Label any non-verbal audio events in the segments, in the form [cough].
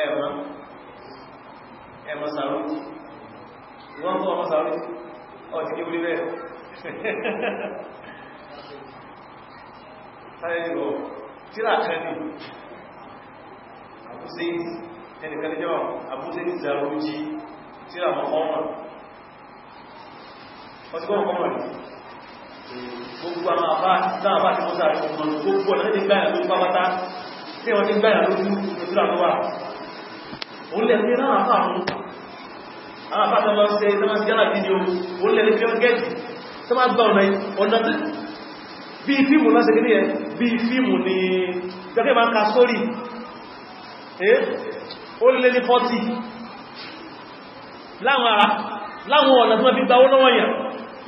ẹ̀mọ́ ẹ̀mọ́ sàrútì wọ́n kọ́ ọmọ sàrútì ọ̀tí kí wúrí bẹ́ẹ̀ sáyẹ̀lọ́ tíra kan ní àbúsẹ́ ẹnìkan ní jẹ́wọ̀n ní sàrútì tíra mọ̀kọ́mọ̀ ọtí gbogbo àwọn àbá láàbá tí wọ́n gbogbo pápátá tí wọ́n òun lè fi náà fà fún àwọn àfáà tọ́lọ ṣe tọ́lọ sí yára fídíò òun lè fi ọgẹ́ẹ̀tì tó bá gbà ọ̀nà ọ̀nà tó bí fíìmù náà ṣe gẹ́gẹ́ bí fíìmù ni gẹ́gẹ́ máa ń ka sórí ó lè ní 40 láwọn ara láwọn ọ̀nà tó fi gbáwó lọ́wọ́ yẹn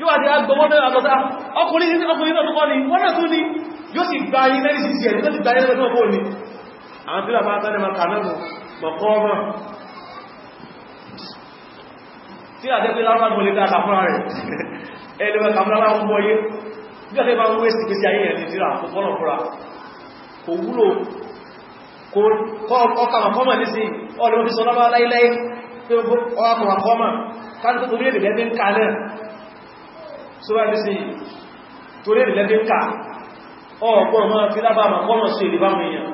yóò wà ní agbọ̀wọ́ náà àgbọ̀ta ọkùnrin ní ọkùnrin náà tó kọ́ ni wọ́n náà tún ni yóò sì gba ilẹ̀ ìsìsì ẹ̀ mọ̀kọ́mọ̀ tí a jẹ́ pé lára mọ̀ lè dá àkàfúnra rẹ̀ [laughs] ẹlẹ́wẹ̀ kàmúlára ń wọ́yé bí ọ̀tẹ́ bá ń wé sí pèsè ayé ẹ̀lẹ́ tíra ọ̀pọ̀lọ̀ fúra kò wúlò ọkàmọ̀kọ́mọ̀ ní sí ọlọ́bí sọ lábá láíláí pé ọkàmọ̀kọ́mọ̀ káàkiri torí èdè lẹ́bí ń ká náà sọ́wọ́ ní sí torí èdè lẹ́bí ń ká ọ̀pọ̀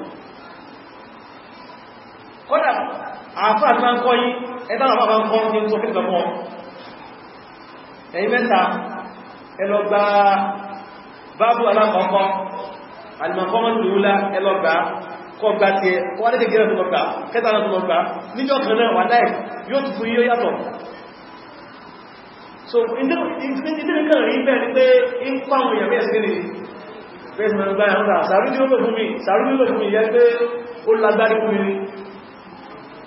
kọ́dà àfà àti máa ń kọ́ yìí ẹ̀tàn àfà ń kọ́ ní tó kẹ́kẹ́ mọ́ ẹ̀yìn mẹ́ta ẹlọgbà bábù alákọ̀ọ́kọ́ alìmọ̀kọ́mọ́ lòúlá ẹlọgbà kọgbà tí ẹ wà ní gẹ́gẹ́rẹ́ tó lọ́gbà kẹta náà tó lọ́gbà níjọ́ kan so ìdílé kan rí bẹ́ẹ̀ ni pé ń pàwọn èèyàn bẹ́ẹ̀ sí ni bẹ́ẹ̀ sí mẹ́rin báyìí àwọn sàárúdí ó lò fún mi sàárúdí ó lò fún mi yẹ́ pé ó lágbárí fún mi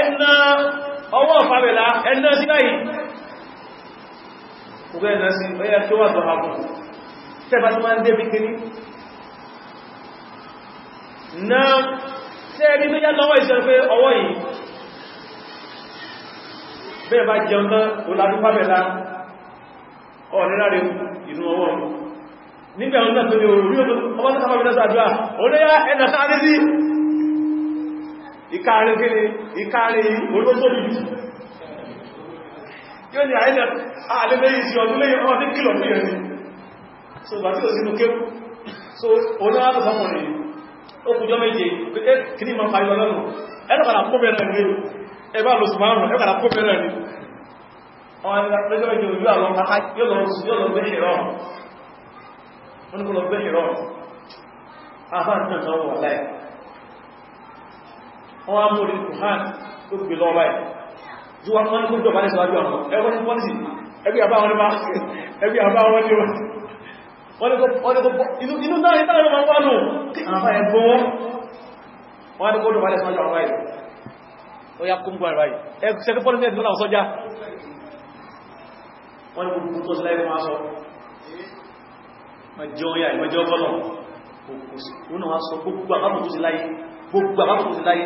ẹ̀nà ọwọ́ ọ̀fàbẹ̀lá ẹ̀nà sí báyìí ọgbẹ́ ẹ̀nà sí ọyá kí ó wà tó hapun tẹ́bà tó máa ń débi kiri na tẹ́ẹ̀rí tó yá lọ́wọ́ ìṣẹ́ pé ọwọ́ yìí bẹ́ẹ̀ bá jẹun tán olàdúfàbẹ̀lá ọ̀nìláre inú ọwọ́ nígbà ọ̀nà tó ní orí ọmọ tó sábàbí lọ́sàdúrà ó lẹ́yà ẹ̀nà sáà ìkáàrí gíní ìkáàrí olóṣòlì yóò ní àìlẹ̀ àlẹ́lẹ́yìn sí ọdún lẹ́yìn ọmọ tí kìlọ̀ fún ẹni so gbà tí ó sínú kéwù so olóhàtọ̀ sọmọ̀rin ó kùjọ méje pé kìí ma parí ọlọ́run ẹ̀rọ̀kàrà kó bẹ̀rẹ̀ ní ẹbá lòsùn márùn-ún ẹ̀rọ̀kàrà kó bẹ̀rẹ̀ ní àwọn ẹgbẹ̀rẹ̀ méje ojú àwọn yóò lọ bẹ́ṣẹ̀ rọrùn wọ́n ni kó lọ bẹ́ṣẹ̀ rọrùn wọ́n á mú orí kùhán tó gbé lọ́wọ́ ẹ̀ ju wọn mọ́ ní kó jọba lẹ́sọ̀ wájú àwọn ẹgbẹ́ ní pọ́lísì ẹbí àbá wọn ní bá ẹbí àbá wọn ní inú náà nípa ẹ̀rọ máa wà nù àwọn ẹgbọ́ wọn ní kó jọba lẹ́sọ̀ wájú àwọn ẹ̀rọ ó yá kó ń gbọ́ àríwáyìí ẹgbẹ́ pọ́lísì ẹ̀dùn náà sọ́já wọ́n ní gbogbo ya ìmẹjọ bọ́lọ̀ òun náà wá sọ gbogbo àkábùkù sí gbogbo àbábọ̀ ti láyé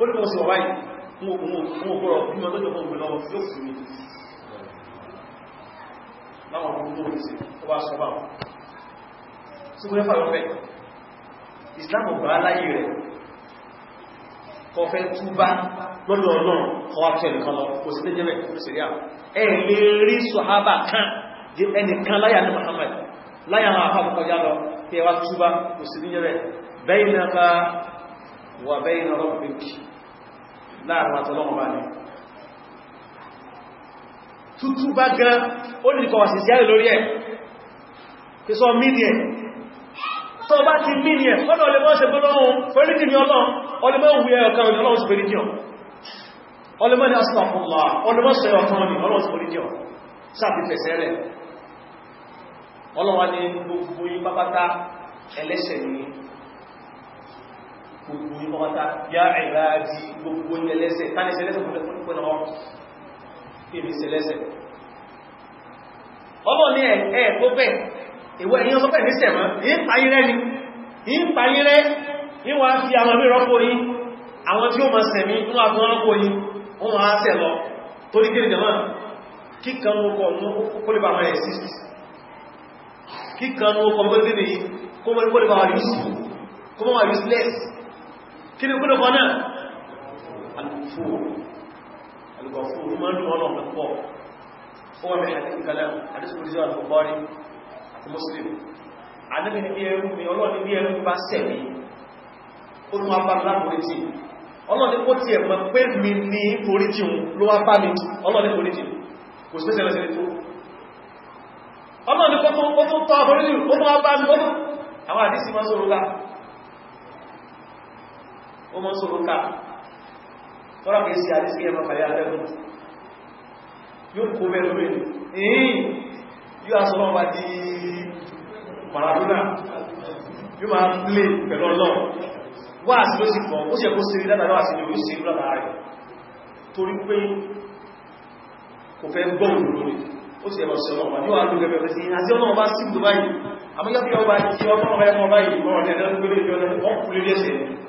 ó ní mọ́ sí ọ̀wá yìí wọn gbọ́rọ̀ bí wọn lọ́jọ́ fún ìlọ́wọ́ yóò fún mi láwọn ọmọ ọmọ ìsìn ó wá sọ báwọn sí wọ́n fà lọ́fẹ́ Islam ọ̀gbà láyé rẹ̀ kọfẹ́ túbá lọ́dọ̀ ọlọ́run kọwà tẹ̀lé kan lọ kò sí lẹ́jẹ́ bẹ́ẹ̀ kò sí rí àwọn ẹ̀ lè rí sọ̀hábà kan ẹnìkan láyà ní Muhammad láyà àwọn afáàkọ̀kọ̀ yá lọ kí ẹ wá túbá kò sí lẹ́jẹ́ bẹ́ẹ̀ wà bẹ́yìn rọ́pìnkì láàrin àtọ́lọ́wọ́ bá ní tútù bá gan ó ní kọwàá sí sí ayé lórí ẹ̀ pé sọ mídíẹ̀ tó bá ti mídíẹ̀ ọ̀nà ọlẹ́mọ́ ṣe gbọ́lọ́run pẹ̀lú ní ọlọ́run ọlẹ́mọ́ wù ẹ ọ̀kan ọlọ́run sí pẹ̀lú díọ̀ ọlẹ́mọ́ ni asùnàfúnlá ọlẹ́mọ́ sẹ ọ̀kan ní ọlọ́run sí pẹ̀lú díọ̀ sáàbí fẹ̀sẹ̀ rẹ̀ ọlọ́wà ní gbogbo yí pápátá ẹlẹ́sẹ̀ ní gbogbo ní pọ́pátá yá ìlàájí gbogbo ní ẹlẹ́sẹ̀ tání sẹlẹ́sẹ̀ fún ẹkùnkùn náà èmi sẹlẹ́sẹ̀ ọmọ ní ẹ̀ gbogbo ìwọ èyàn sọ́pẹ̀ ní sẹ̀mọ́ ní pàyírẹ́ ní pàyírẹ́ ní wà fi mọ̀ ní wà fún rọ́pò yí kí ni gbọ́dọ̀ kan náà alùfòó alùgbàfòó ní máa ń lùmọ́ náà pọ̀ ó wà mẹ́rin àti ìkàlẹ̀ àdísìkò ìjọ àlùkọ́rí àti muslim àdíbi ní bí ẹrú mi ọlọ́ni bí ẹrú bá sẹ̀ mí ó tún apá láàrín tí ọlọ́ni kó tiẹ̀ mọ̀ pé mi ní orí tí òun ló wá bá mi ọlọ́ni orí tí kò tó tọ́ àforí ó tún bá mi ó àwọn àdísì máa sọ̀rọ̀ ó mọ́ sọ̀rọ̀ ká tọ́rọ kìí sí àdísí ẹmọ kàrí alẹ́gùn yóò kó mẹ́rin mẹ́rin èyí yóò aṣọ wọn wá di Maradona yóò máa plé pẹ̀lú ọlọ́run wá àti ló sì kàn ó sì ẹkó sírí dáadáa àti ní orí sírí lọ́la rẹ̀ torí pé kò fẹ́ gbọ́n lórí ó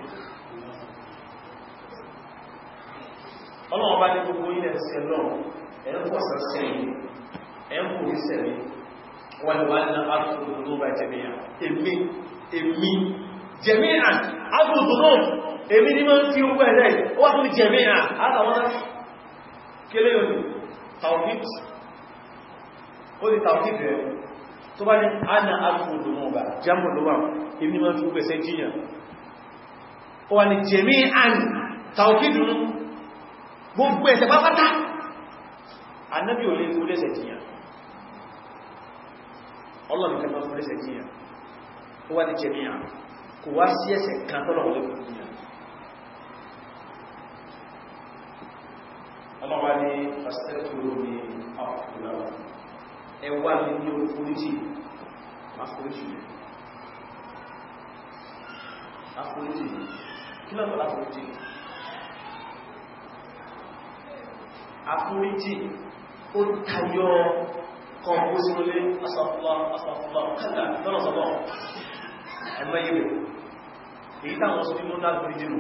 ọba ní gbogbo ilẹ̀ ṣe náà ẹ̀ ń pọ̀sán sẹ́yìn ẹ̀ ń pòrí sẹ́yìn wọ́n ni wọ́n náà ápùtò tó bá jẹ́mìyà èmi èmi jẹ́mìyà ápùtò náà èmi ní máa ń fi ó pẹ̀lẹ̀ ó wá fún jẹ́mìyà látàwọn kélé òní tàwífì ó di tàwífì rẹ̀ tó bá ní ánà ápùtò náà bá jámù ló wà èmi ní máa ń fi ó pẹ̀sẹ̀ jíyàn ó gbogbo ẹ̀ṣẹ̀ pápátá annabi ò lè fún lẹ́ṣẹ̀ jìyà ọlọ́run kẹta fún lẹ́ṣẹ̀ jìyà ó wá ní jẹmíà kò wá sí ẹ̀ṣẹ̀ kan tọ́lọ̀ wọlé fún jìyà ọlọ́wà ní pàṣẹ́tòrò ní àpùpùláwà ẹwà ní ní oríjì àforíjì àforíjì kí lọ́pàá àforíjì àforíjì ó tayọ kọ̀ọ̀kọ́ sínúlé asàfúlá asàfúlá kàlà lọ́nà sọ́lọ́ ẹ̀mọ́ ìwò èyí táwọn sọ nínú lágbóríjì nù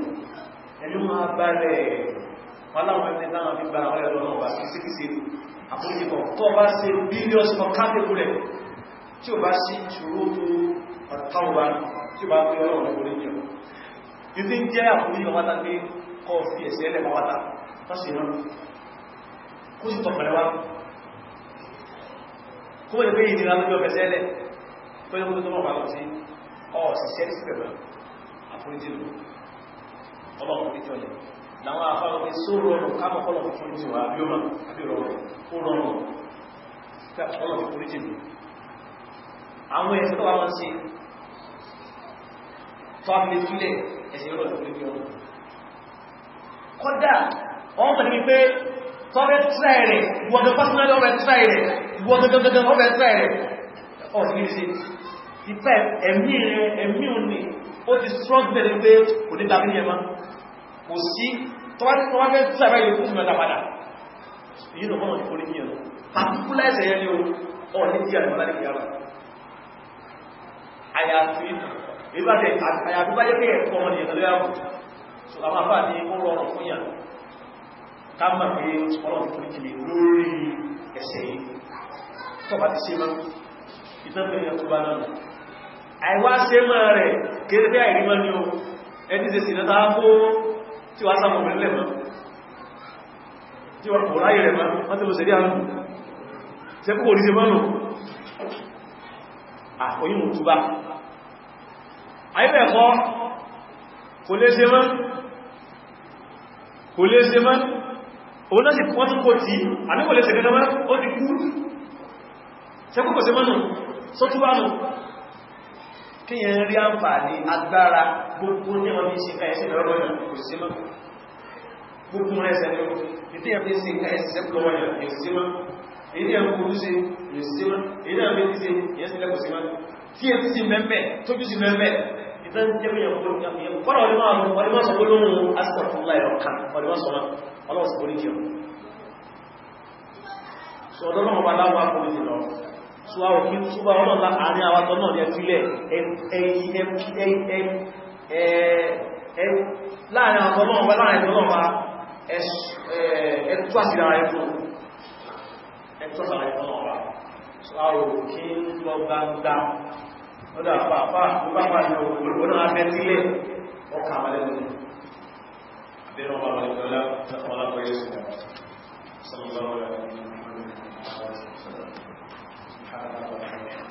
ẹni máa bá rẹ̀ wọ́láwọn ẹni táwọn fi gba ọ̀rẹ́ lọ́nà wà sí síkísí àforíjì kan tó bá ṣe bílíọ̀sì kan káàkiri rẹ̀ tí ó bá sí ìṣòro tó ọ̀táwọn bá tí ó bá pé ọlọ́run àforíjì ọ̀ ìdí jẹ́ àforíjì kan wátá pé kọ́ fi ẹ̀sẹ̀ ẹlẹ́ kó sì tọ̀pẹ̀lẹ̀ wá kó mọ̀ pé ìnira lójú ọ̀fẹ́ sẹ́lẹ̀ tó yẹ kó tó mọ̀ pàtó sí ọ̀sìṣẹ́ sí pẹ̀lú àforíjì lò ọlọ́run ní tọ́lẹ̀ làwọn afárọ̀ pé só rọrùn kámọ́kọ́lọ̀ foríjì wà bí ó mà àbí rọrùn ó rọrùn ọlọ́run foríjì lò àwọn ẹ̀sẹ̀ tó wà wọ́n sí tó àfi pé tọ́rẹ tẹ́rẹ̀ wọ́dọ̀ pásínàlẹ̀ ọ̀rẹ́ tẹ́rẹ̀ wọ́dọ̀ gẹ́gẹ́gẹ́ ọ̀rẹ́ tẹ́rẹ̀ ọ̀fíìsì ìfẹ́ ẹ̀mí rẹ̀ ẹ̀mí òní ó ti strọ́gbẹ̀rẹ̀ pé kò ní tàbí ẹmá kò sí tọ́wọ́fẹ́ tẹ́rẹ̀ yóò fún mẹ́ta padà èyí lọ mọ́nà ìfòrí ní ẹ̀nà pàtíkúlá ẹ̀sẹ̀ yẹn ni ó ní tí àrùn láti kìyàwó àyàfi ìbájẹ́ àyàfi bájẹ́ pé ẹ̀kọ́ ọmọ nìyàn lóyàwó so àwọn afáà ní ó rọrùn fún yàn ká mọ̀ pé ọlọ́run fún ìkìlẹ̀ lórí ẹsẹ̀ yìí tó bá ti ṣe mọ́ ìtọ́pẹ̀lẹ̀ ọkùnbá náà àìwá ṣe mọ́ rẹ̀ kéré bí àìrí mọ́ ní o ẹni ṣe sì náà kó tí wá sáwọn obìnrin lẹ̀mọ́ tí wọ́n kò ráyè rẹ̀ mọ́ tí mo ṣe rí àrùn ṣe kò lè ṣe mọ́ òun náà sì wọ́n tún kó tí àníkò lè ṣẹ̀gẹ́dẹ́ wọ́n ó ti kú ṣẹ́kùnkùn sí mọ́nà sọ́túwánù kí yẹn rí àǹfààní agbára gbogbo ní ọmọ ìṣẹ́ kàyẹsẹ̀ lọ́rọ̀ yẹn kò sí mọ́ gbogbo rẹ̀ sẹ́lẹ̀ ìdí ẹ̀fẹ́ sí kàyẹsẹ̀ lọ́rọ̀ yẹn kò sí mọ́ ìdí ẹ̀fẹ́ kò sí kò sí mọ́ ìdí ẹ̀fẹ́ sí kàyẹsẹ̀ kò sí mọ́ zan jẹ́mìyà kọ́nà wani masu olóhun astagfirullah ya kan wani masu ma ọlọ́wọ́ sí orí jẹun so ọdọ́ náà wà láwọn akọ̀lù ti lọ so a òkú súbà ọmọ ńlá àárín àwátọ́ náà yẹ fílẹ̀ láàrin àtọ́ náà wà láàrin àtọ́ náà wà ẹ̀tọ́ àti ara ẹ̀kọ́ ẹ̀tọ́ àti ara ẹ̀kọ́ náà wà so a òkú lọ gbangba ဟုတ်လားပါပါဘုရားပါတို့ဘုရားအားဖြင့်ဒီလေဘောခါပါလေဘယ်တော့မှမလုပ်တော့လားသောတာပန်ရဲ့ဆရာဆရာတော်ရဲ့ဘုရားဆရာဘုရားဆရာ